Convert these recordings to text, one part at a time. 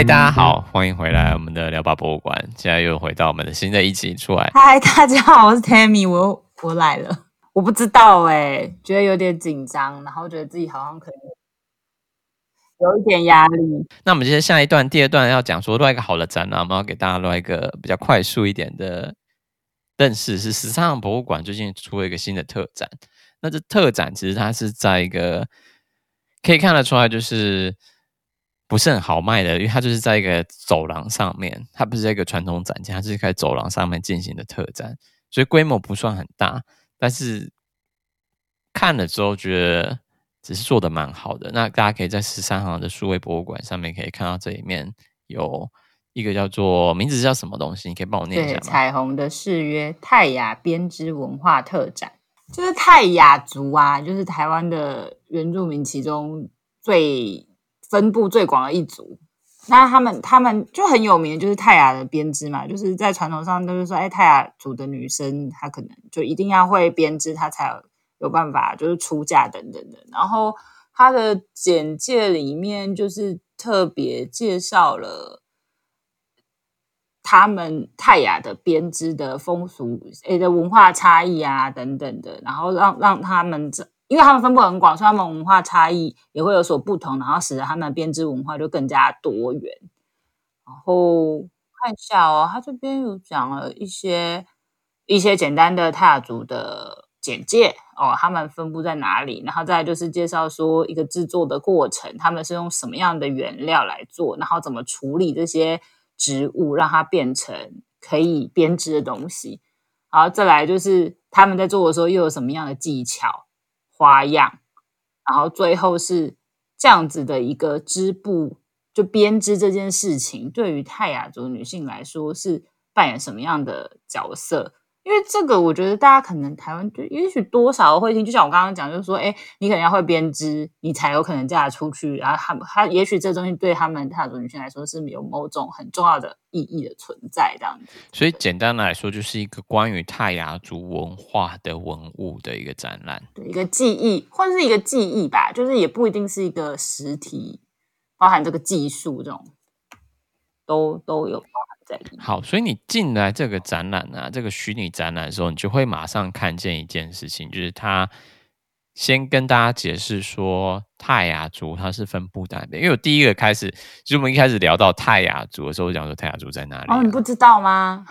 嗨，大家好，歡迎回來我們的聊吧博物館，現在又回到我們的新的一集出來。嗨，大家好，我是 Tammy，我我來了，我不知道誒、欸、覺得有點緊張，然後覺得自己好像可能有一點壓力。那我們今天下一段，第二段要講說，做一個好的展覽，我們要給大家做一個比較快速一點的，但是十三行博物館最近出了一個新的特展，那這特展其實它是在一個可以看得出來就是。不是很豪邁的，因為它就是在一個走廊上面，它不是在一個傳統展架，它就是在走廊上面進行的特展，所以規模不算很大。但是看了之後，覺得只是做得蠻好的。那大家可以在十三行的數位博物館上面可以看到，這裡面有一個叫做名字叫什麼東西，你可以幫我念一下嗎？對，彩虹的誓約，泰雅編織文化特展，就是泰雅族啊，就是台灣的原住民其中最。分布最廣的一族，那他們他們就很有名，就是泰雅的編織嘛，就是在傳統上都是說，哎，泰雅族的女生她可能就一定要會編織，她才有，有辦法就是出嫁等等的。然後他的簡介裡面就是特別介紹了他們泰雅的編織的風俗，誒的文化差異啊等等的，然後讓讓他們因為他們分布很廣，所以他們文化差異也會有所不同，然後使得他們編織文化就更加多元。然後看一下哦，他這邊有講了一些一些簡單的泰雅族的簡介哦，他們分布在哪裡？然後再來就是介紹說一個制作的過程，他們是用什麼樣的原料來做，然後怎麼處理這些植物讓它變成可以編織的東西。然後再來就是他們在做的時候又有什麼樣的技巧？花樣，然後最後是這樣子的一個織布，就編織這件事情，對於泰雅族女性來說是扮演什麼樣的角色？這個我覺得大家可能台灣就也許多少會聽，就像我剛剛講，就是說，哎，你可能要會編織，你才有可能嫁出去。然後他他也許這東西對他們泰雅族女性來說是沒有某種很重要的意義的存在，這樣子。所以簡單來說，就是一個關於泰雅族文化的文物的一個展覽，對一個記憶，或者是一個記憶吧，就是也不一定是一個實體，包含這個技術這種，都都有包含。對好，所以你進來這個展覽啊，這個虛擬展覽的時候，你就會馬上看見一件事情，就是他先跟大家解釋說泰雅族它是分布的，因為我第一個開始，就是、我們一開始聊到泰雅族的時候，我講說泰雅族在哪裡、啊？哦，你不知道嗎？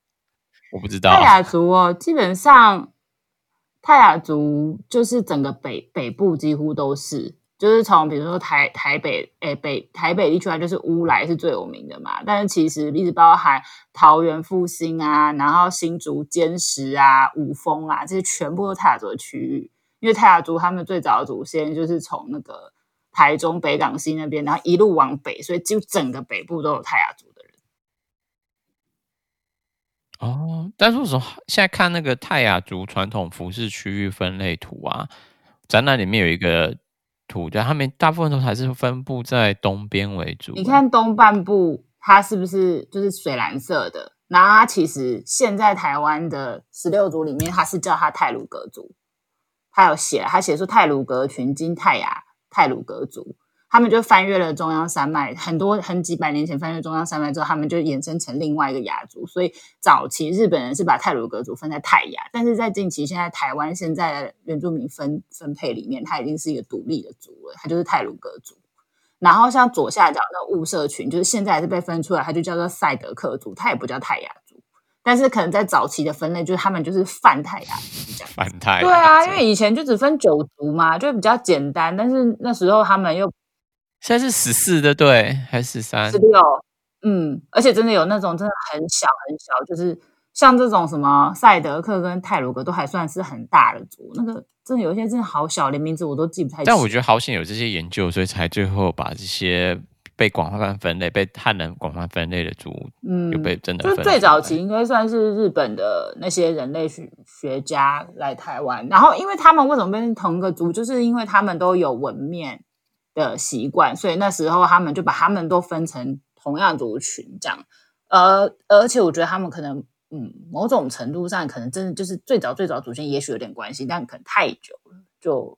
我不知道。泰雅族哦，基本上泰雅族就是整個北北部幾乎都是。就是從比如說台台北誒、欸、北台北地區啊，就是烏來是最有名的嘛。但是其實一直包含桃園復興啊，然後新竹尖石啊、五峰啊，這些全部都是泰雅族的區域。因為泰雅族他們最早的祖先就是從那個台中北港溪那邊，然後一路往北，所以就整個北部都有泰雅族的人。哦，但為什麼現在看那個泰雅族傳統服飾區域分類圖啊？展覽裡面有一個。土族，他們大部分都是還是分布在東邊為主。你看東半部，它是不是就是水藍色的？那其實現在台灣的十六族裡面，它是叫它太魯閣族。它有寫，它寫出太魯閣群、經泰雅、太魯閣族。他們就翻越了中央山脈，很多很幾百年前翻越中央山脈之後，他們就衍生成另外一個亞族。所以早期日本人是把泰魯閣族分在泰雅，但是在近期現在台灣現在的原住民分分配裡面，它已經是一個獨立的族了，它就是泰魯閣族。然後像左下角的霧社群，就是現在還是被分出來，它就叫做賽德克族，它也不叫泰雅族。但是可能在早期的分類，就是他們就是泛泰雅族這樣。泛泰雅族。對啊，因為以前就只分九族嘛，就比較簡單。但是那時候他們又。現在是十四的對，還是十三？十六，嗯，而且真的有那種真的很小很小，就是像這種什麼賽德克跟太魯閣都還算是很大的族，那個真的有一些真的好小，連名字我都記不太清。但我覺得好險有這些研究，所以才最後把這些被廣泛分類、被漢人廣泛分類的族，嗯，就被真的。就是最早期應該算是日本的那些人類學家來台灣，然後因為他們為什麼變成同一個族，就是因為他們都有文面。的習慣，所以那時候他們就把他們都分成同樣族群這樣，而、呃、而且我覺得他們可能，嗯，某種程度上可能真的就是最早最早祖先，也許有點關係，但可能太久了，就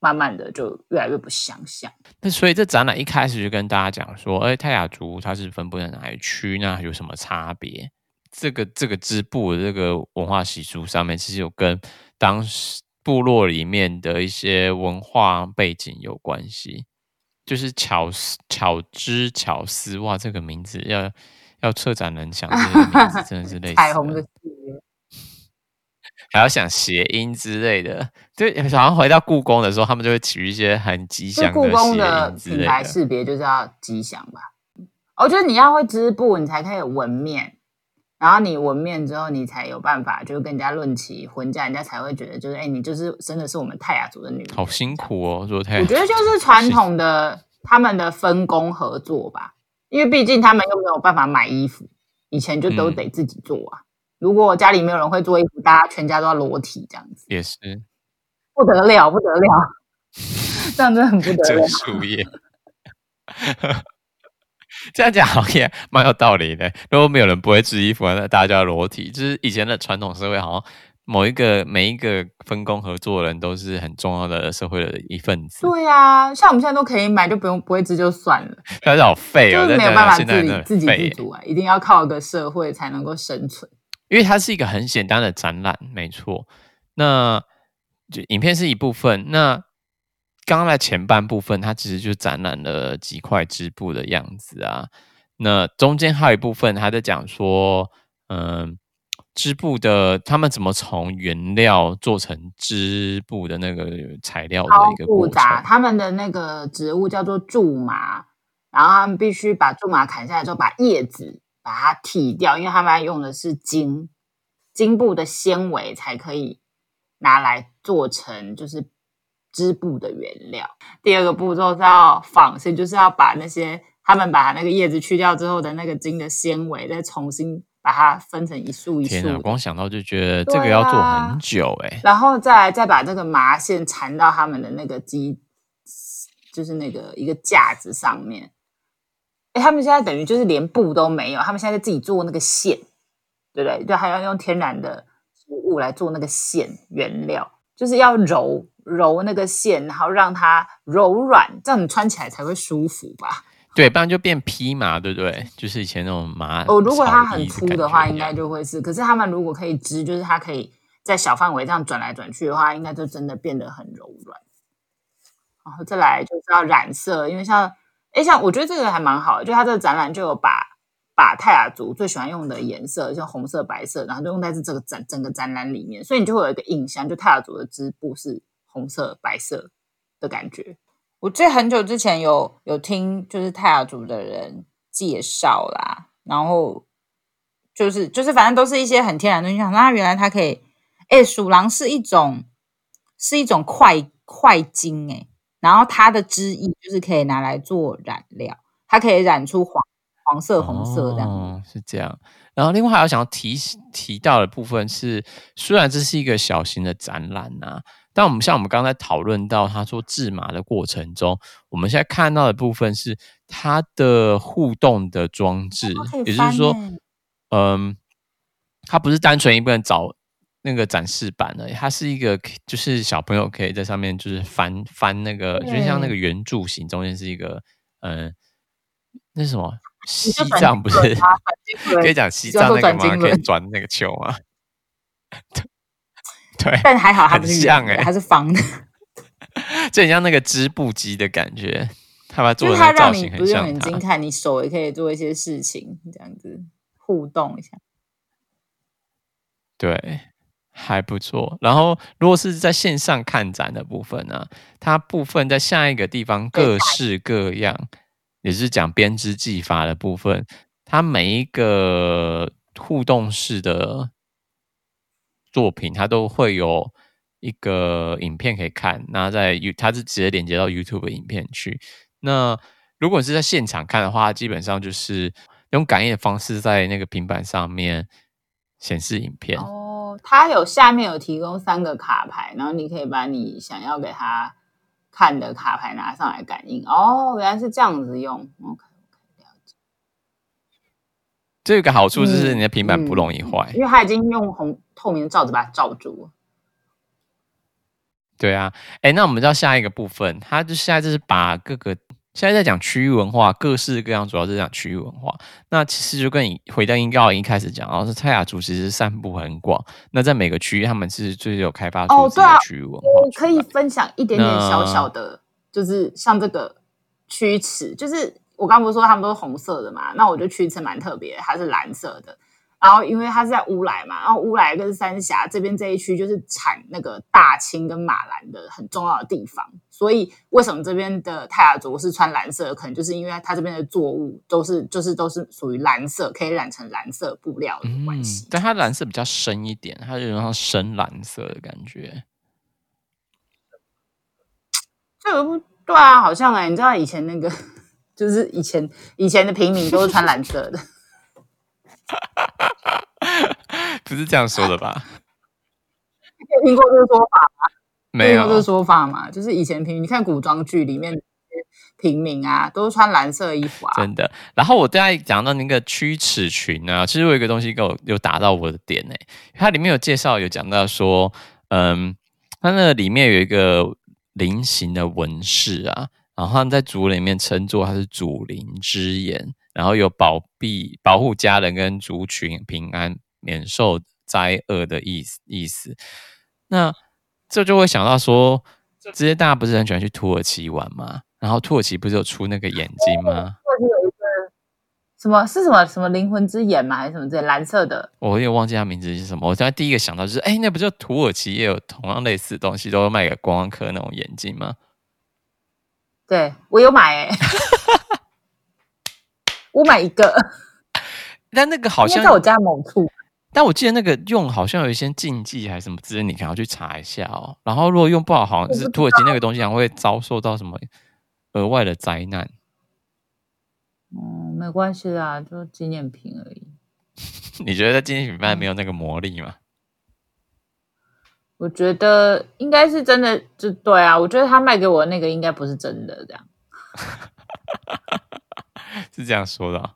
慢慢的就越來越不相像。那所以這展覽一開始就跟大家講說，哎、欸，泰雅族它是分布在哪一區呢？有什麼差別？這個這個織布的這個文化習俗上面，其實有跟當時部落裡面的一些文化背景有關係。就是巧思巧織巧思哇這個名字，要要策展人想這個名字真的是類似彩虹的，還要想諧音之類的。對，然後回到故宮的時候，他們就會取一些很吉祥的諧音之類的。品牌識別就是要吉祥吧？我覺得你要會織布，你才可以有紋面。然後你紋面之後，你才有辦法，就跟人家論起婚嫁，人家才會覺得，就是哎、欸，你就是真的是我們泰雅族的女人，好辛苦哦。做泰雅族，我覺得就是傳統的他們的分工合作吧，因為畢竟他們又沒有辦法買衣服，以前就都得自己做啊。如果家裡沒有人會做衣服，大家全家都要裸體這樣子，也是不得了，不得了，這樣真的很不得了。 摘樹葉 這樣講 OK，也蠻有道理的。如果沒有人不會織衣服，那大家裸體，就是以前的傳統社會，好像某一個每一個分工合作的人都是很重要的社會的一份子。對啊，像我們現在都可以買，就不用，不會織就算了。但是好廢啊，就是沒有辦法自己自給自足啊，一定要靠一個社會才能夠生存。因為它是一個很簡單的展覽，沒錯。那就影片是一部分，那。剛剛前半部分，它其實就展覽了幾塊織布的樣子啊。那中間還有一部分，他在講說，嗯、呃，織布的他們怎麼從原料做成織布的那個材料的一個複雜，他們的那個植物叫做苎麻，然後他們必須把苎麻砍下來之後，把葉子把它剃掉，因為他們用的是莖，莖部的纖維，才可以拿來做成就是。織布的原料，第二個步驟是要紡線，就是要把那些他們把那個葉子去掉之後的那個莖的纖維，再重新把它分成一束一束。天啊，光想到就覺得這個要做很久哎、欸。啊、然後再再把這個麻線纏到他們的那個機，就是那個一個架子上面。哎，他們現在等於就是連布都沒有，他們現在在自己做那個線，對不對？就還要用天然的植物來做那個線原料。就是要揉揉那個線，然後讓它柔軟，這樣你穿起來才會舒服吧？對，不然就變披麻，對不對？就是以前那種麻。哦，如果它很粗的話，應該就會是。可是他們如果可以織，就是它可以在小範圍這樣轉來轉去的話，應該就真的變得很柔軟。然後再來就是要染色，因為像，誒，像我覺得這個還蠻好的，就它這個展覽就有把。把泰雅族最喜歡用的顏色，像紅色、白色，然後就用在這這個展，整整個展覽裡面，所以你就會有一個印象，就泰雅族的織布是紅色、白色的感覺。我記得很久之前有有聽，就是泰雅族的人介紹啦，然後就是就是反正都是一些很天然的東西，那原來它可以，哎，鼠狼是一種是一種塊塊莖誒，然後它的汁液就是可以拿來做染料，它可以染出黃黃色、紅色的。嗯、哦，是這樣，然後另外還要想要提提到的部分是，雖然這是一個小型的展覽吶、啊，但我們像我們剛才討論到，他說制麻的過程中，我們現在看到的部分是他的互動的裝置，欸、也就是說，嗯、呃，它不是單純一個人找那個展示板而已，它是一個就是小朋友可以在上面就是翻翻那個，對就像那個圓柱形中間是一個嗯、呃、那是什麼？啊、西藏不是、啊、可以講西藏那個嗎？可以轉那個球嗎？ 對，但還好它很像誒、欸，它是方的，這像那個織布機的感覺。它把它做的那造型很像，讓你不用眼睛看，你手也可以做一些事情，這樣子互動一下。對，還不錯。然後，如果是在線上看展的部分呢、啊，它部分在下一個地方各式各樣。也是講編織技法的部分，它每一個互動式的作品，它都會有一個影片可以看。那在它是直接連接到 YouTube 影片去。那如果你是在現場看的話，基本上就是用感應的方式在那個平板上面顯示影片。哦，它有下面有提供三個卡牌，然後你可以把你想要給他。看的卡牌拿上來感應哦，原來是這樣子用。OK，這，這個好處就是你的平板不容易壞，嗯嗯，因為它已經用紅透明的罩子把它罩住了。對啊，哎、欸，那我們到下一個部分，它就現在就是把各個。現在在講區域文化，各式各樣，主要是講區域文化。那其實就跟你回到英告已經開始講，然、哦、後是泰雅族，其實散布很廣。那在每個區域，他們其實是最有開發出區域文化。哦對啊、所以你可以分享一點點小小的，那就是像這個曲尺，就是我剛不是說他們都是紅色的嘛？那我覺得曲尺蠻特別，它是藍色的。然後，因為它是在烏來嘛，然後烏來跟三峽這邊這一區就是產那個大青跟馬藍的很重要的地方，所以為什麼這邊的泰雅族是穿藍色的，可能就是因為它這邊的作物都是就是都是屬於藍色，可以染成藍色布料的關係。嗯、但它藍色比較深一點，它就有種深藍色的感覺。這個不對啊，好像哎、欸，你知道以前那個，就是以前以前的平民都是穿藍色的。 哈哈哈哈，不是這樣說的吧？你有聽過這個說法嗎？沒有聽過這個說法嘛？就是以前聽，你看古裝劇裡面平民啊，都是穿藍色衣服啊，真的。然後我剛才講到那個屈尺群啊，其實我有一個東西給我有達到我的點誒、欸，它裡面有介紹有講到說，嗯，它那裡面有一個菱形的紋飾啊，然後在族裡面稱作它是祖靈之眼。然後有保庇、保護家人跟族群平安、免受災厄的意思。意思，那這就會想到說，這些大家不是很喜歡去土耳其玩嗎？然後土耳其不是有出那個眼睛嗎？哦、土耳其有一個什麼？是什麼？什麼靈魂之眼嗎？還是什麼？這藍色的，我有忘記他名字是什麼。我現在第一個想到就是，哎，那不就土耳其也有同樣類似的東西，都會賣給觀光客那種眼鏡嗎？對，我有買、欸。 我買一個， 但那個好像在我家某處。但我記得那個用好像有一些禁忌還是什麼之類，你可能要去查一下哦。然後如果用不好，好像就是土耳其那個東西，還會遭受到什麼額外的災難。嗯，沒關係的，就紀念品而已。 你覺得紀念品牌沒有那個魔力嗎？我覺得應該是真的，就對啊。我覺得他賣給我的那個應該不是真的，這樣。 是這樣說的、哦，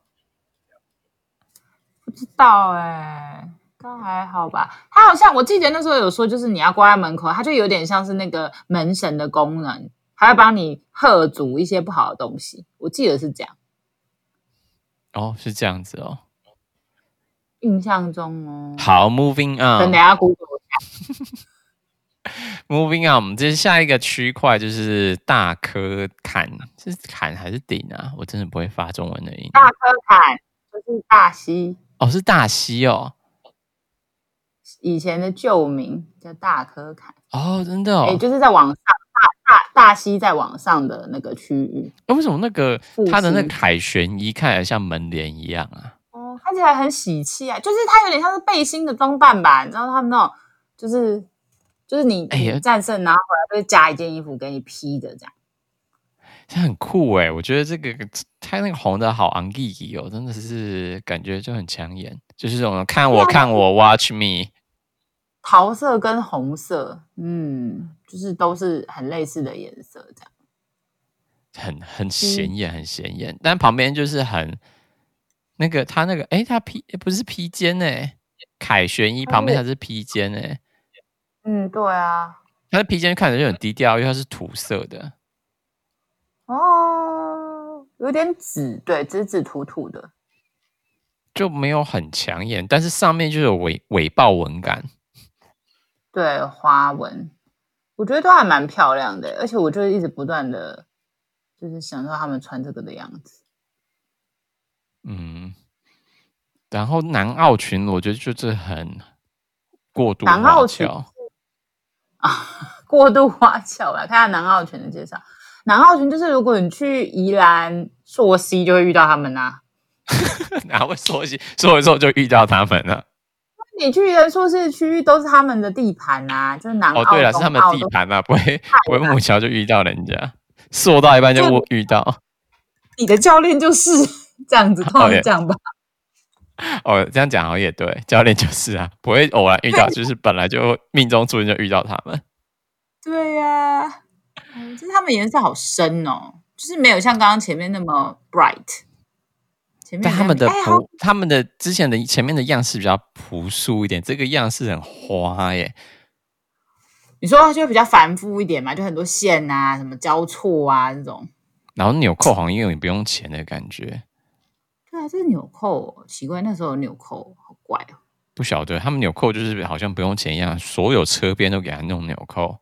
不知道哎、欸，剛還好吧？他好像我記得那時候有說，就是你要掛在門口，他就有點像是那個門神的功能，他要幫你嚇阻一些不好的東西。我記得是這樣。哦，是這樣子哦。印象中哦。好，Moving on。等下鼓掌 Moving on，我們這是下來一個區塊，就是大科坎是坎還是頂啊？我真的不會發中文的音。大科坎就是大溪哦，是大溪哦，以前的舊名叫大科坎哦，真的哦、欸，就是在往上，大大大溪在往上的那個區域。那、哦、為什麼那個它的那凱旋一看起來像門簾一樣啊？哦，看起來很喜氣啊，就是它有點像是背心的裝扮吧？你知道他們那種就是。就是你哎呀，你戰勝然後回來就加一件衣服給你披的這樣，這很酷哎、欸！我覺得這個它那個紅的好昂貴哦，真的是感覺就很搶眼，就是這種看我看我你 watch me，桃色跟紅色，嗯，就是都是很類似的顏色這樣，很很顯眼，很顯眼，嗯、但旁邊就是很那個他那個哎，他、欸、披、欸、不是披肩哎、欸，凱旋衣旁邊他是披肩、欸、哎呦。嗯，對啊，他的披肩看着就很低調，因為它是土色的哦，有點紫，對，紫紫土土的，就沒有很搶眼，但是上面就有尾尾豹紋感，對，花紋，我覺得都還蠻漂亮的，而且我就一直不斷的，就是想到他們穿這個的樣子，嗯，然後南澳裙，我覺得就是很過度。南澳裙。啊、哦，過度花俏吧！看看南澳群的介紹，南澳群就是如果你去宜蘭、溯溪就會遇到他們吶、啊。 哪會溯溪？溯一溯就遇到他們啊。你去的蘭、溯溪區域都是他們的地盤啊，就是南澳，澳、哦，對了，是他們的地盤啊，不會，難不會木橋就遇到人家，溯到一半就遇到。你的教練就是這樣子，這樣吧。Okay. 哦，這樣講好也對。 教練就是啊，不會偶然遇到。 就是本來就命中注定就遇到他們。對呀、啊，就、嗯、他們顏色好深哦，就是沒有像剛剛前面那麼 bright，前面但他們的、哎、他們的之前的前面的樣式比較樸素一點，這個樣式很花耶、欸。你說就會比較繁複一點嘛，就很多線啊，什麼交錯啊這種。然後紐扣好像因為你不用錢的感覺。對啊，這是紐扣哦，奇怪，那時候紐扣好怪哦，不曉得他們紐扣就是好像不用錢一樣，所有車邊都給他弄紐扣，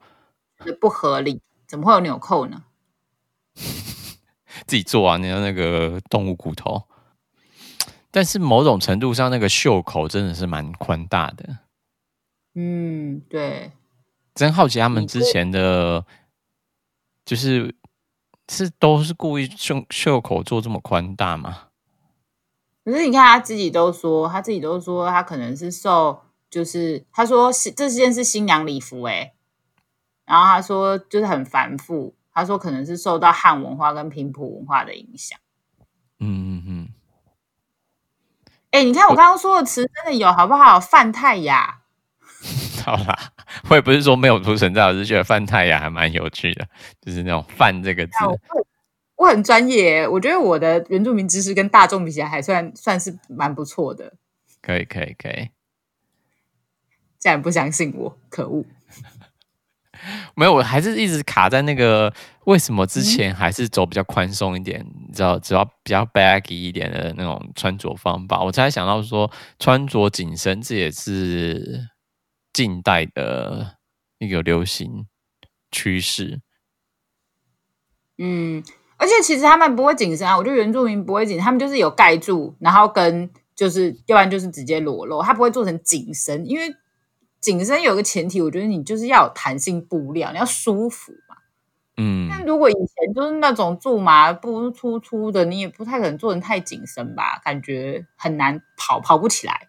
不合理，怎麼會有紐扣呢？ 自己做啊，你看那個動物骨頭，但是某種程度上，那個袖口真的是蠻寬大的，嗯，對，真好奇他們之前的，不就是是都是故意袖袖口做這麼寬大嗎？可是你看他自己都說，他自己都說他可能是受，就是他說這件是新娘禮服哎、欸，然後他說就是很繁複，他說可能是受到漢文化跟平埔文化的影響、嗯。嗯嗯嗯。哎、欸，你看我剛剛說的詞我真的有好不好？泛泰雅。好啦，我也不是說沒有不存在，只 是覺得泛泰雅還蠻有趣的，就是那種泛這個字。 我很專業、欸，我覺得我的原住民知識跟大眾比起來，還算算是蠻不錯的。可以，可以，可以。竟然不相信我，可惡！ 沒有，我還是一直卡在那個為什麼之前還是走比較寬鬆一點，你知道，只要只要比較 baggy 一點的那種穿着方法。我才想到說，穿着緊身這也是近代的一個流行趨勢。嗯。而且其實他們不會緊身啊，我覺得原住民不會緊，他們就是有蓋住，然後跟就是，要不然就是直接裸露，他不會做成緊身，因為緊身有個前提，我覺得你就是要有彈性布料，你要舒服嘛。嗯，但如果以前就是那種苧麻布粗粗的，你也不太可能做成太緊身吧，感覺很難跑，跑不起來。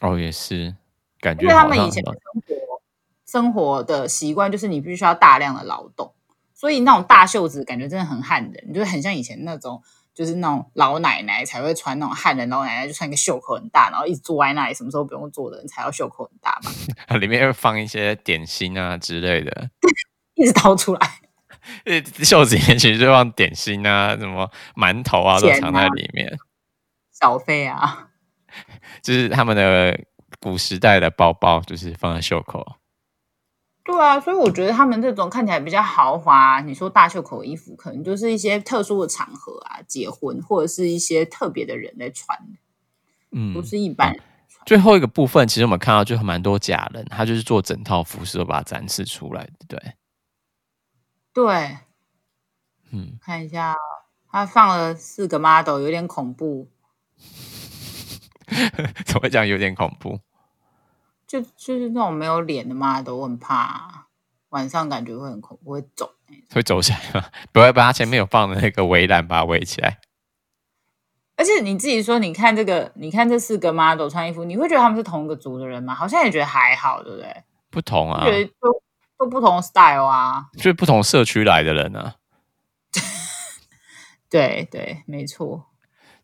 哦，也是，感覺因為他們以前的生活生活的習慣就是你必須要大量的勞動。所以那種大袖子感覺真的很漢人，就是很像以前那種，就是那種老奶奶才會穿那種漢人老奶奶，就穿一個袖口很大，然後一直坐在那裡，什麼時候不用坐的，才要袖口很大嘛。裡面會放一些點心啊之類的， 一直掏出來。袖子裡面其實就放點心啊，什麼饅頭啊都藏在裡面。小費啊，啊就是他們的古時代的包包，就是放在袖口。對啊，所以我覺得他們這種看起來比較豪華啊，你說大袖口的衣服，可能就是一些特殊的場合啊，結婚或者是一些特別的人在穿，嗯，不是一般人啊。最後一個部分，其實我們看到就蠻多假人，他就是做整套服飾把它展示出來，對對，對，對嗯，看一下哦，他放了四個 model，有點恐怖， 怎麼講有點恐怖？就就是那種沒有臉的媽都很怕，晚上感覺會很恐怖，會走、欸，會走起來嗎？不會，不然前面有放的那個圍欄，把它圍起來。而且你自己說，你看這個，你看這四個 model 穿衣服，你會覺得他們是同一個族的人嗎？好像也覺得還好，對不對？不同啊，就覺得都都不同 style 啊，就是不同社區來的人啊。 對對，沒錯，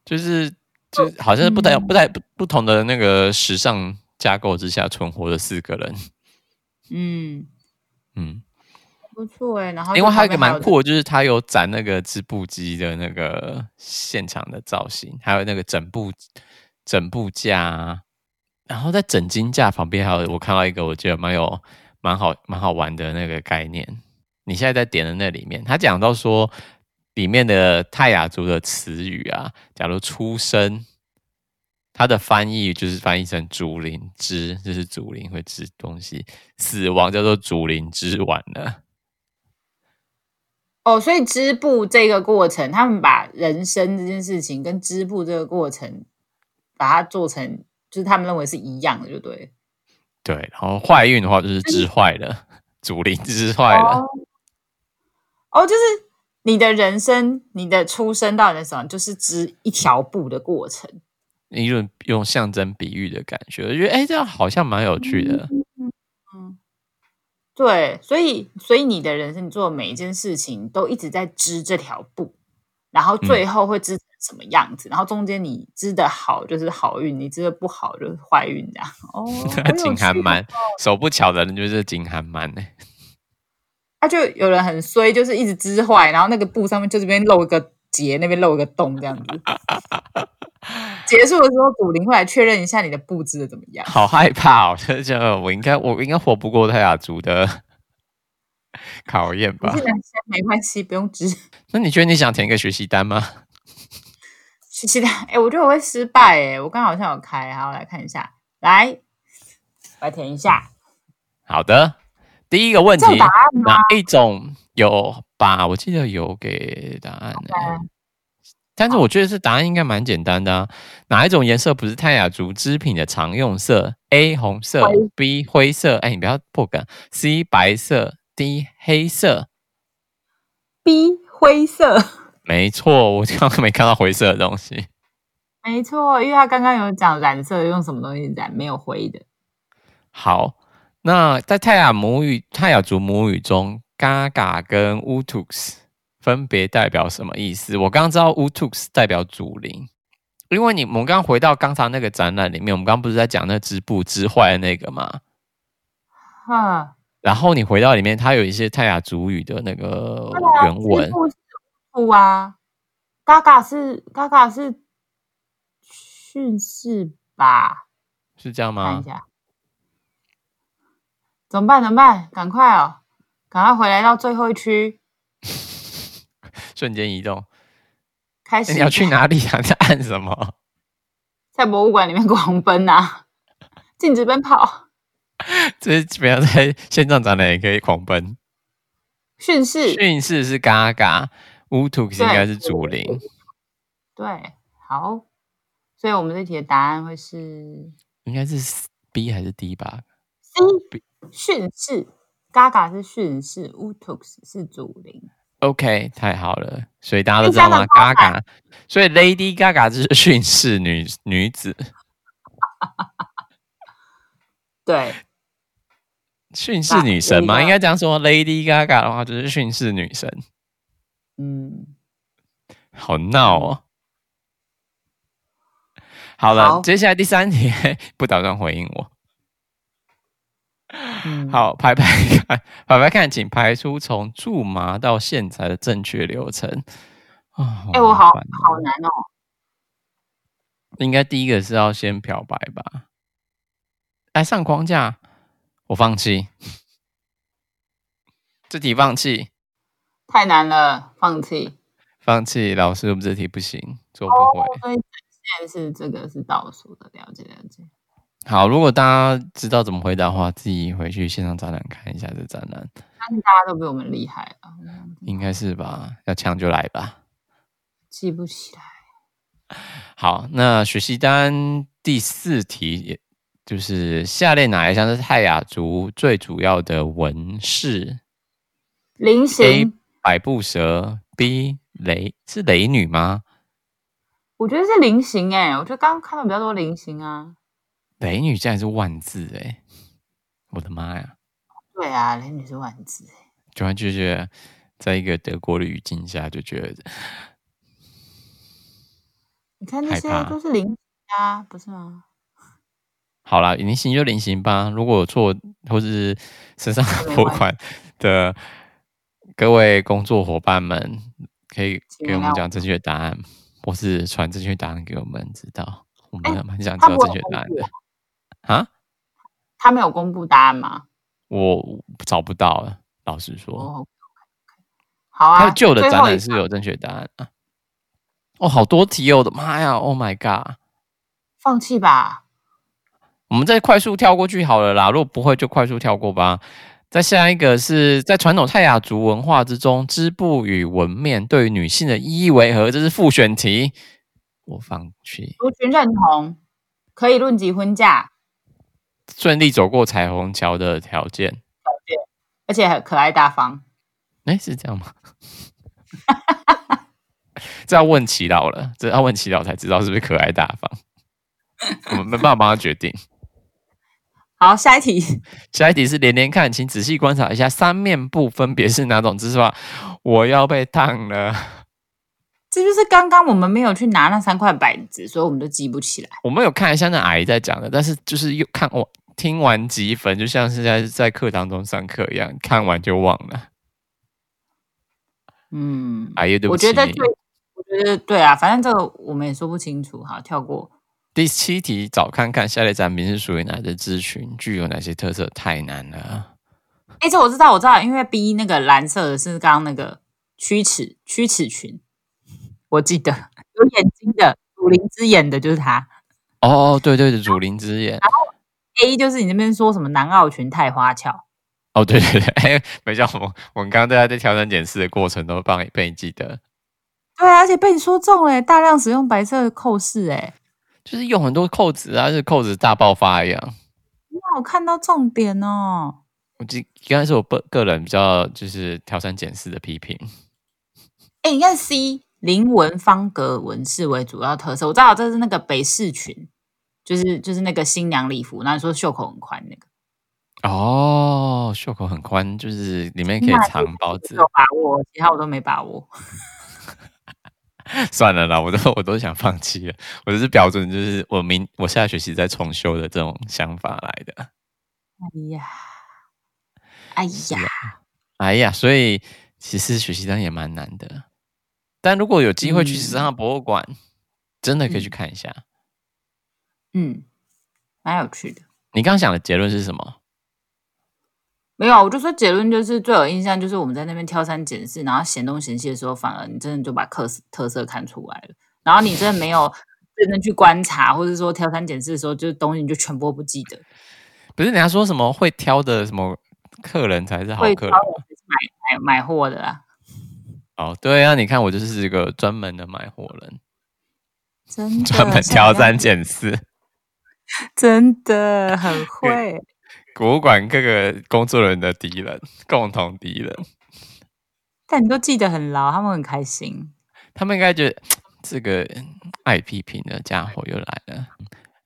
就是就好像是不太不太不不同的那個時尚。架構之下存活的四個人，嗯嗯，嗯不錯哎、欸。然後他他，另外、嗯、還有一個蠻酷的，就是它有展那個織布機的那個現場的造型，還有那個整部整部架。然後在整金架旁邊，還有我看到一個我覺得蠻有蠻好蠻好玩的那個概念。你現在在點的那裡面，他講到說裡面的泰雅族的詞語啊，假如出生。它的翻譯就是翻譯成“竹林織”，就是竹林會織東西。死亡叫做“竹林織”完了。哦，所以織布這個過程，他們把人生這件事情跟織布這個過程，把它做成就是他們認為是一樣的，就對。對，然後壞運的話就是織壞了，竹林是織壞了哦。哦，就是你的人生，你的出生到底是什麼？就是織一條布的過程。用用象徵比喻的感覺，我覺得哎、欸，這樣好像蠻有趣的。嗯，對，所以所以你的人生做每一件事情，都一直在織這條布，然後最後會織成什麼樣子？嗯、然後中間你織的好就是好運，你織的不好就是壞運呀。哦，景 還蠻滿、哦、手不巧的人就是景還蠻呢。他、啊、就有人很衰，就是一直織壞，然後那個布上面就這邊露一個。結，那邊漏個洞這樣子， 結束的時候古靈會來確認一下你的布置的怎麼樣。好害怕哦、喔，真的，我應該我應該活不過泰雅族的考驗吧？沒關係，不用織。那你覺得你想填一個學習單嗎？學習單？哎、欸，我覺得我會失敗哎、欸，我剛好像有開，好來看一下，來，我來填一下。好的，第一個問題，啊、哪一種有？啊，我記得有給答案的、欸，但是我覺得這答案應該蠻簡單的、啊。哪一種顏色不是泰雅族織品的常用色？A 紅色，灰色，B 灰色。哎、欸，你不要破梗。C 白色，D 黑色。B 灰色。沒錯，我剛剛沒看到灰色的東西。沒錯，因為他剛剛有講藍色用什麼東西染，沒有灰的。好，那在泰雅母語、泰雅族母語中。嘎嘎跟 Utux 分別代表什麼意思？我剛剛知道 Utux 代表祖靈，因為你我們剛回到剛才那個展覽裡面，我們剛不是在講那織布織壞的那個嗎？啊呵！然後你回到裡面，它有一些泰雅族語的那個原文。布啊，嘎嘎是嘎嘎是訓示吧？是這樣嗎？看一下，怎麼辦？怎麼辦？趕快哦！然後回來到最後一區， 瞬間移動，開始、欸。你要去哪裡啊？你在按什麼？在博物館裡面狂奔啊！ 禁止奔跑。 這基本上在線上展覽也可以狂奔。訓示士，訓示是嘎嘎，烏兔應該是竹林，對對。對，好。所以我們這題的答案會是，應該是 B 還是 D 吧？C，訓示。B Gaga 是訓示 Utux 是祖靈。OK，太好了，所以大家都知道嗎？Gaga，所以 Lady Gaga 就是訓示女女子。 對，訓示女神嗎？ 應該這樣說，Lady Gaga 的話就是訓示女神。 嗯，好鬧哦、喔。好了，好接下來第三題，不打算回應我。嗯、好，排排看，排排看，請排出從苎麻到線材的正確流程哎、哦欸，我好好難哦。應該第一個是要先漂白吧？哎，上框架，我放棄，這題放棄，太難了，放棄，放棄，老師，我們這題不行，做不會。哦、所以現在是這個是倒數的，了解，了解。好，如果大家知道怎麼回答的話，自己回去線上展覽看一下這展覽。但是大家都比我們厲害啊、嗯，應該是吧？要強就來吧。記不起來。好，那學習單第四題，也就是下列哪一項是泰雅族最主要的紋飾？菱形。A 百步蛇，B 雷。是雷女嗎？我覺得是菱形誒、欸，我覺得剛剛看到比較多菱形啊。雷女竟然是萬字哎、欸，我的媽呀！對啊，雷女是萬字哎、欸。主要就覺在一個德國的語境下就覺得，你看那些都是菱形啊，不是嗎、啊？好啦，菱形就菱形吧。如果做或是身上的款的各位工作夥伴們，可以給我們講正確答案，或是傳正確答案給我們知道。我們還蠻想知道正確答案的。欸啊，蛤他沒有公布答案嗎？我找不到了，老實說。哦，好啊。舊的，舊的展覽是有正確答案啊。哦，好多題哦，我的媽呀！Oh my god，放棄吧。我們再快速跳過去好了啦。如果不會就快速跳過吧。再下一個是在傳統泰雅族文化之中，織布與紋面對於女性的意義為何？這是複選題。我放棄。族群認同、可以論及婚嫁。順利走過彩虹橋的條件，條件，而且很可愛大方。哎、欸，是這樣嗎？ 這要問耆老了，這要問耆老才知道是不是可愛大方。 我們沒辦法幫他決定。 好，下一題，下一題是連連看，請仔細觀察一下三面部分別是哪種姿勢吧。我要被燙了。這就是剛剛我們沒有去拿那三塊板子，所以我們都記不起來。我們有看一下那阿姨在講的，但是就是又看我聽完積分，就像是在在課堂中上課一樣，看完就忘了。嗯，阿姨，對不起。我覺得對我覺得對啊，反正這個我們也說不清楚，好，跳過。第七題，找看看下列展品是屬於哪個族群，具有哪些特色？太難了。哎、欸，這我知道，我知道，因為 B 那個藍色的是剛剛那個屈尺，屈尺群。我記得有眼睛的祖靈之眼的就是他哦，哦對對的祖靈之眼，然後 A 就是你那邊說什麼南澳群太花俏哦，對對對，哎沒想到我我們剛剛大家在挑三揀四的過程都幫被你記得，對啊，而且被你說中了耶，大量使用白色的扣飾哎，就是用很多扣子啊，就是扣子大爆發一樣，哇，我看到重點哦，我記剛才是我個個人比較就是挑三揀四的批評，哎，你看 C。菱紋方格紋飾為主要特色，我知道這是那個北式裙，就是就是那個新娘禮服。那你說袖口很寬那個？哦，袖口很寬，就是裡面可以藏包子。有把握，其他我都沒把握。 算了啦，我都我都想放棄了。我就是標準，就是我明我下學期再重修的這種想法來的。哎呀，哎呀、啊，哎呀，所以其實學習單也蠻難的。但如果有機會去十三行博物館，嗯、真的可以去看一下，嗯，蠻有趣的。你剛剛想的結論是什麼？沒有，我就說結論就是最有印象就是我們在那邊挑三揀四，然後嫌東嫌西的時候，反而你真的就把客特色看出來了。然後你真的沒有認真去觀察， 或者說挑三揀四的時候，就是東西你就全部都不記得。不是你要說什麼會挑的什麼客人才是好客人是買，買買買貨的啦。哦，對啊，你看我就是一個專門的買貨人，真的，專門挑三揀四，真的很會。博物館各個工作人的敵人，共同敵人。但你都記得很牢，他們很開心。他們應該覺得這個愛批評的家伙又來了。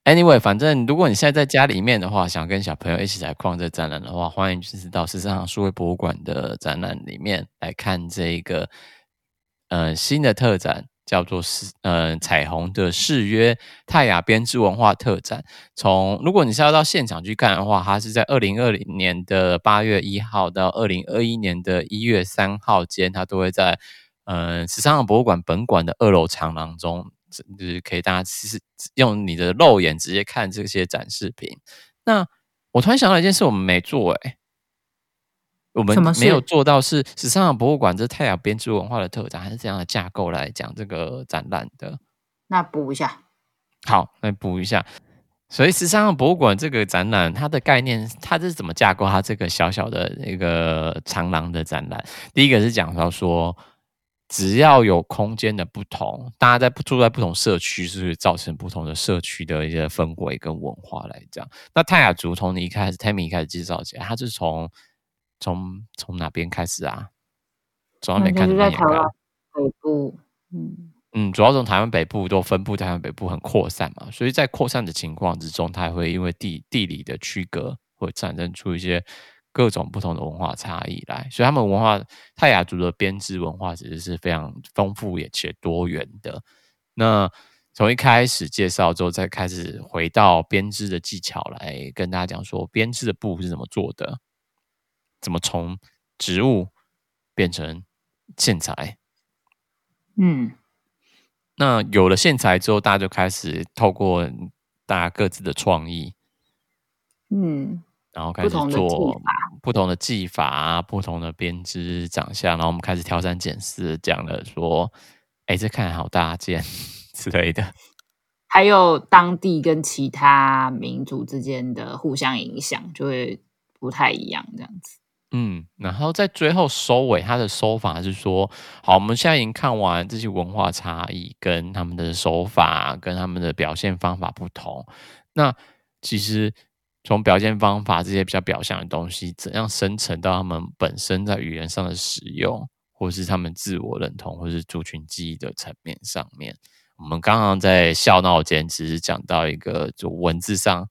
Anyway，反正如果你現在在家裡面的話，想跟小朋友一起來逛這展覽的話，歡迎就是到十三行數位博物館的展覽裡面來看這一個呃新的特展，叫做《是呃彩虹的誓約》泰雅編織文化特展。從如果你是要到現場去看的話，它是在二零二零年的八月一號到二零二一年的一月三號間，它都會在呃十三行博物館本館的二樓長廊中。就是可以大家其實用你的肉眼直接看這些展示品。那我突然想到一件事，我們沒做哎、欸，我們沒有做到是十三行博物館這泰雅編織文化的特展，還是這樣的架構來講這個展覽的？那補一下。好，那補一下。所以十三行博物館這個展覽，它的概念，它這是怎麼架構？它這個小小的一個長廊的展覽，第一個是講到說。只要有空間的不同，大家在住在不同社區，是會造成不同的社區的一些氛圍跟文化來講。那泰雅族從你一開始，Tammy 一開始介紹起來，他是從從從哪邊開始啊？主要在台灣北部，嗯嗯，嗯主要從台灣北部都分布，台灣北部很擴散嘛，所以在擴散的情況之中，它會因為地地理的區隔，會產生出一些。各種不同的文化差異來，所以他們文化泰雅族的編織文化其實是非常豐富也且多元的。那從一開始介紹之後，再開始回到編織的技巧來跟大家講說，編織的布是怎麼做的，怎麼從植物變成線材。嗯，那有了線材之後，大家就開始透過大家各自的創意。嗯。然後開始做不同的技法、不同的編織長相對，然後我們開始挑三揀四，講了說，哎、欸，這看來好大件之類 的，還有當地跟其他民族之間的互相影響，就會不太一樣這樣子。嗯，然後在最後收尾，他的收法是說，好，我們現在已經看完這些文化差異，跟他們的手法，跟他們的表現方法不同，那其實。從表現方法這些比較表象的東西，怎樣生成到他們本身在語言上的使用，或是他們自我認同，或是族群記憶的層面上面，我們剛剛在笑鬧間只是講到一個，就文字上，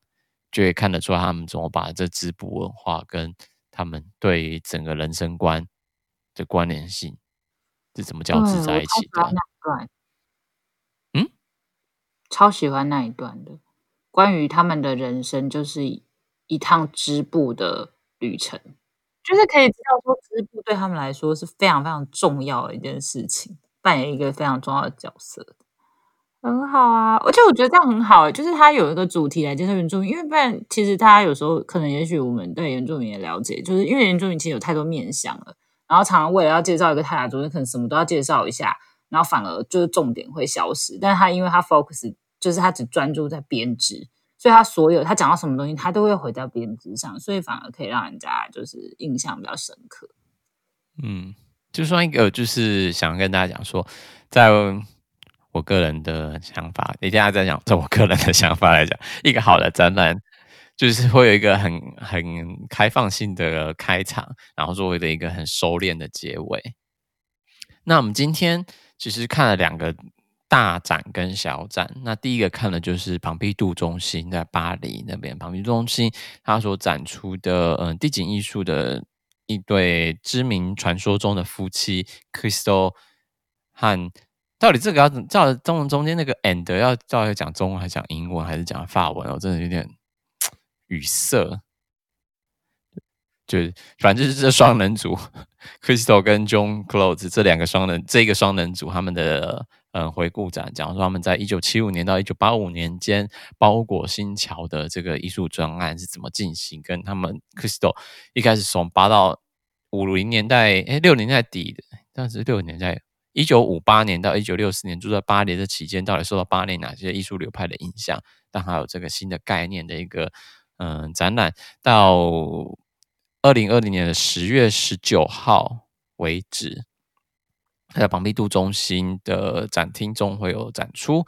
就會看得出他們怎麼把這織布文化跟他們對於整個人生觀的關聯性，這怎麼交織在一起的？嗯，超喜歡那一段的，關於他們的人生就是。一趟織布的旅程，就是可以知道說，織布對他們來說是非常非常重要的一件事情，扮演一個非常重要的角色。很好啊，而且我覺得這樣很好欸，就是他有一個主題來介紹原住民。因為不然其實大家有時候可能也許我們對原住民也了解，就是因為原住民其實有太多面向了，然後常常為了要介紹一個泰雅族，可能什麼都要介紹一下，然後反而就是重點會消失。但他因為他 focus 就是他只專注在編織。所以，他所有他講到什麼東西，他都會回到編織上，所以反而可以讓人家就是印象比較深刻。嗯，就算一個，就是想跟大家講說，在我個人的想法，等一下再講，在我個人的想法來講，一個好的展覽就是會有一個很很開放性的開場，然後作為的一個很收斂的結尾。那我們今天其實看了兩個。大展跟小展，那第一個看的就是龐畢度中心在巴黎那邊。龐畢度中心他所展出的，嗯，地景藝術的一對知名傳說中的夫妻，Christo 和，到底這個要照中文中間那個 and 要照要講中文，還，文還是講英文還是講法文？我真的有點語塞。就是，反正就是這雙人組 ，Christo 跟 Jeanne-Claude 這兩個雙人這一個雙人組他們的。嗯，回顧展，講說他們在一九七五年到一九八五年間，包裹新橋的這個藝術專案是怎麼進行，跟他們 Christo 一開始從八到五零年代，誒六零年代底的，當時六零年代，一九五八年到一九六四年住在巴黎的期間，到底受到巴黎哪些藝術流派的影響，但還有這個新的概念的一個嗯、呃、展覽，到二零二零年的十月十九號為止。在龐畢度中心的展廳中會有展出，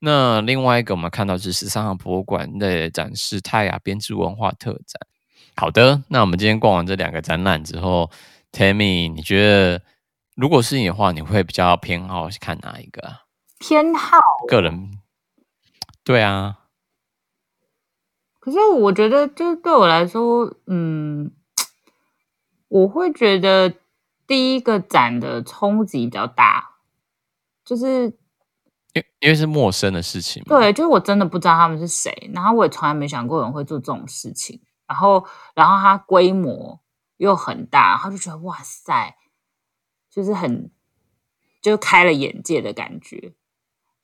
那另外一個，我們看到是十三行博物館的展示“泰雅編織文化特展”。好的，那我們今天逛完這兩個展覽之後，Tammy，好你覺得如果是你的話，你會比較偏好看哪一個？偏好？個人？對啊。可是我覺得，就是對我來說，嗯，我會覺得。第一個展的衝擊比較大，就是因為，因為是陌生的事情，對，就是我真的不知道他們是誰，然後我也從來沒想過有人會做這種事情，然後然後它規模又很大，他就覺得哇塞，就是很就開了眼界的感覺，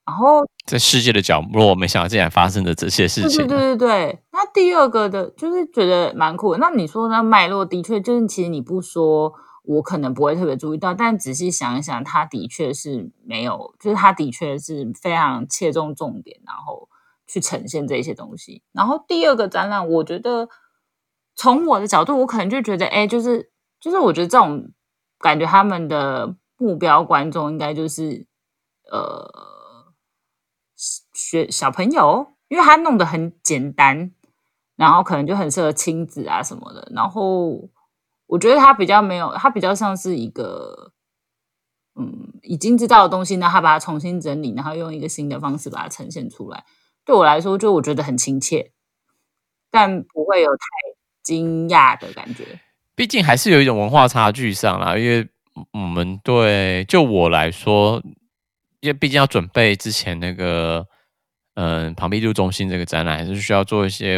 然後在世界的角落，我沒想到竟然發生的這些事情啊，對對對對對。那第二個的就是覺得蠻酷，那你說那脈絡的確就是，其實你不說。我可能不會特別注意到，但仔細想一想，他的確是沒有，就是他的確是非常切中重、重點，然後去呈現這些東西。然後第二個展覽，我覺得從我的角度，我可能就覺得，哎、欸，就是就是，我覺得這種感覺，他們的目標觀眾應該就是呃學小朋友，因為他弄得很簡單，然後可能就很適合親子啊什麼的，然後。我覺得他比較沒有，他比較像是一個，嗯，已經知道的東西，然後他把它重新整理，然後用一個新的方式把它呈現出來。對我來說，就我覺得很親切，但不會有太驚訝的感覺。畢竟還是有一種文化差距上啦，因為我們對，就我來說，因為畢竟要準備之前那個，嗯，龐畢度中心這個展覽，還是需要做一些，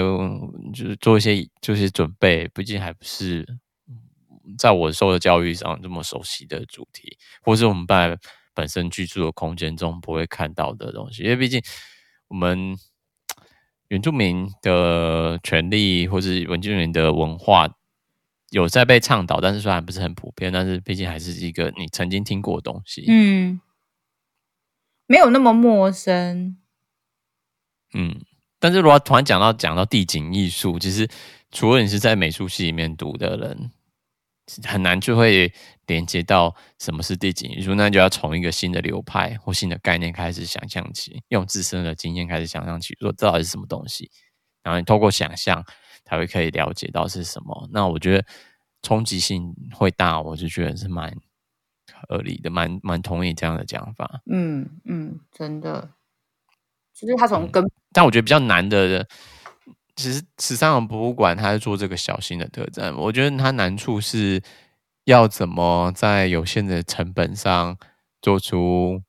就是做一些，就是準備。畢竟還不是。在我受的教育上這麼熟悉的主題，或是我們本來本身居住的空間中不會看到的東西，因為畢竟我們原住民的權利或是原住民的文化有在被倡導，但是雖然不是很普遍，但是畢竟還是一個你曾經聽過的東西，嗯，沒有那麼陌生，嗯。但是如果突然講到講到地景藝術，其實除了你是在美術系裡面讀的人。很難就會連接到什麼是第幾藝術，比如說那就要從一個新的流派或新的概念開始想象起，用自身的經驗開始想象起，如說這到底是什麼東西，然後你透過想象才會可以了解到是什麼。那我覺得衝擊性會大，我就覺得是蠻合理的，蠻蠻同意這樣的講法。嗯嗯，真的，其、就是他從根、嗯，跟但我覺得比較難的。其實，十三行博物館他在做這個小型的特展，我覺得他難處是要怎麼在有限的成本上做出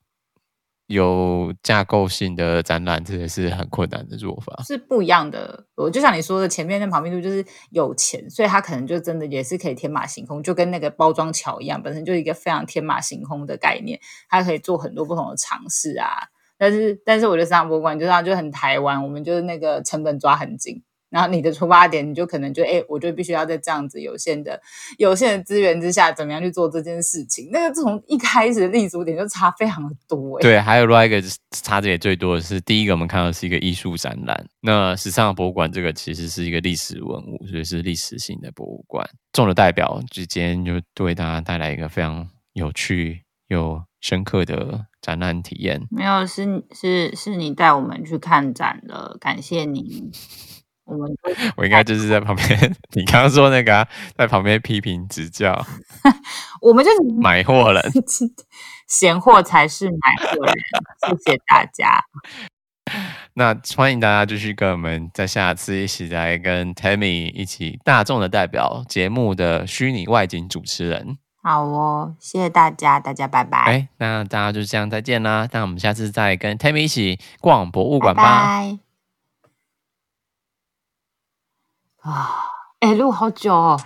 有架構性的展覽，這也是很困難的做法。是不一樣的。我就像你說的，前面那龐畢度就是有錢，所以他可能就真的也是可以天馬行空，就跟那個包裝橋一樣，本身就一個非常天馬行空的概念，它可以做很多不同的嘗試啊。但是，但是我覺得十三行博物館就它就很台灣，我們就是那個成本抓很緊。然後你的出發點，你就可能就哎、欸，我就必須要在這樣子有限的、有限的資源之下，怎麼樣去做這件事情？那個從一開始立足點就差非常的多、欸。對，還有另外一個差的也最多的是，第一個我們看到的是一個藝術展覽，那十三行博物館這個其實是一個歷史文物，所以是歷史性的博物館。眾的代表今天就，就對大家帶來一個非常有趣又。深刻的展覽體驗。沒有，是是是你帶我們去看展了，感謝你。我們 我應該就是在旁邊， 你剛剛說那個、啊、在旁邊批評指教， 我們就是買貨人， 嫌貨才是買貨人。 謝謝大家。那歡迎大家繼續跟我們在下次一起來跟 Tammy 一起大眾的代表節目的虛擬外景主持人。好哦，謝謝大家，大家拜拜。哎、欸，那大家就這樣再見啦，那我們下次再跟 Tammy 一起逛博物館吧。拜拜。啊，誒，錄好久哦。